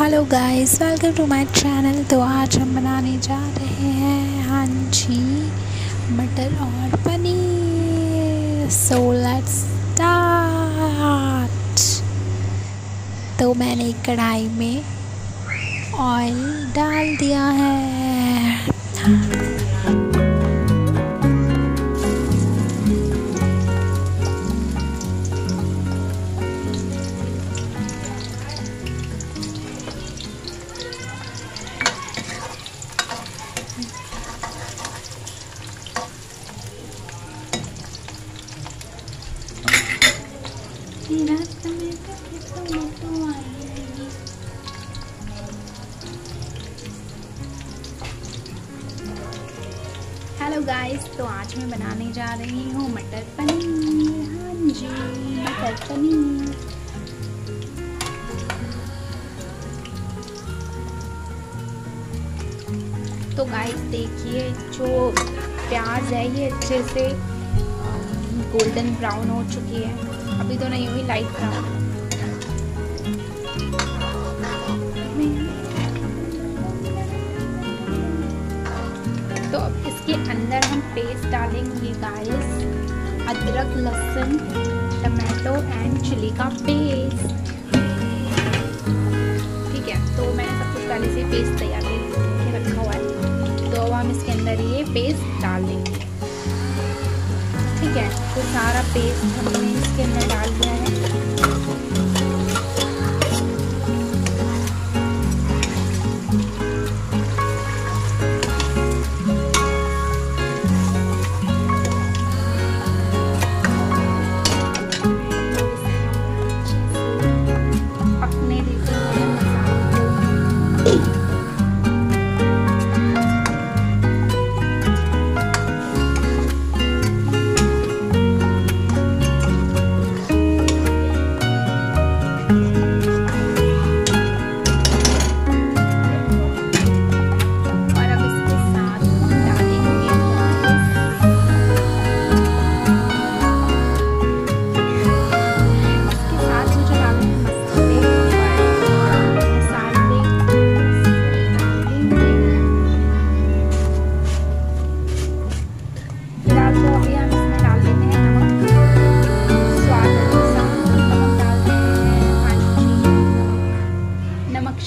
hello guys welcome to my channel तो आज हम बनाने जा रहे हैं हाँ जी मटर और पनीर सो लेट्स स्टार्ट तो मैंने कढ़ाई में ऑयल डाल दिया है हेलो गाइस तो आज मैं बनाने जा रही हूँ मटर पनीर हाँ जी मटर पनीर तो गाइस देखिए जो प्याज है ये अच्छे से गोल्डन ब्राउन हो चुकी है अभी तो नहीं हुई लाइट खराब तो अब इसके अंदर हम पेस्ट डालेंगे गाइस अदरक लहसुन टमाटो एंड चिली का पेस्ट ठीक है तो मैंने सब कुछ पहले से पेस्ट तैयार कर रखा हुआ है तो अब हम इसके अंदर ये पेस्ट तो सारा पेस्ट हमने इसके अंदर डाल दिया है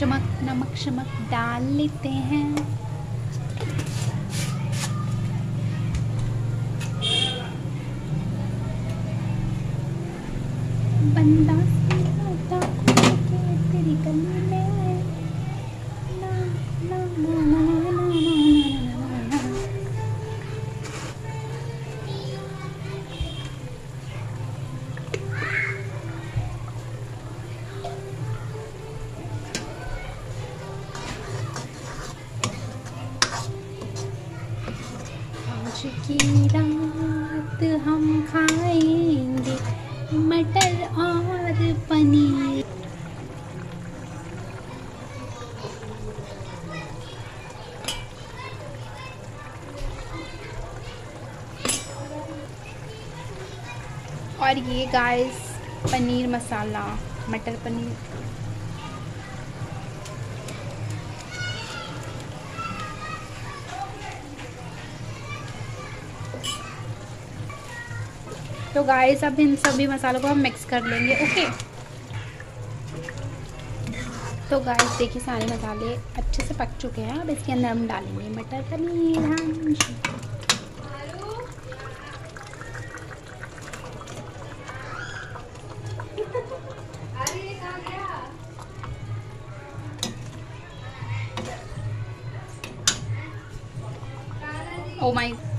चमक नमक शमक डाल लेते हैं बंदा तेरी गली में ना ना ना की रात हम खाएंगे मटर और पनीर और ये गाइस पनीर मसाला मटर पनीर तो गाइस अब इन सभी मसालों को हम मिक्स कर लेंगे ओके तो गाइस देखिए सारे मसाले अच्छे से पक चुके हैं अब इसके अंदर हम डालेंगे मटर पनीर ओ हाँ, माय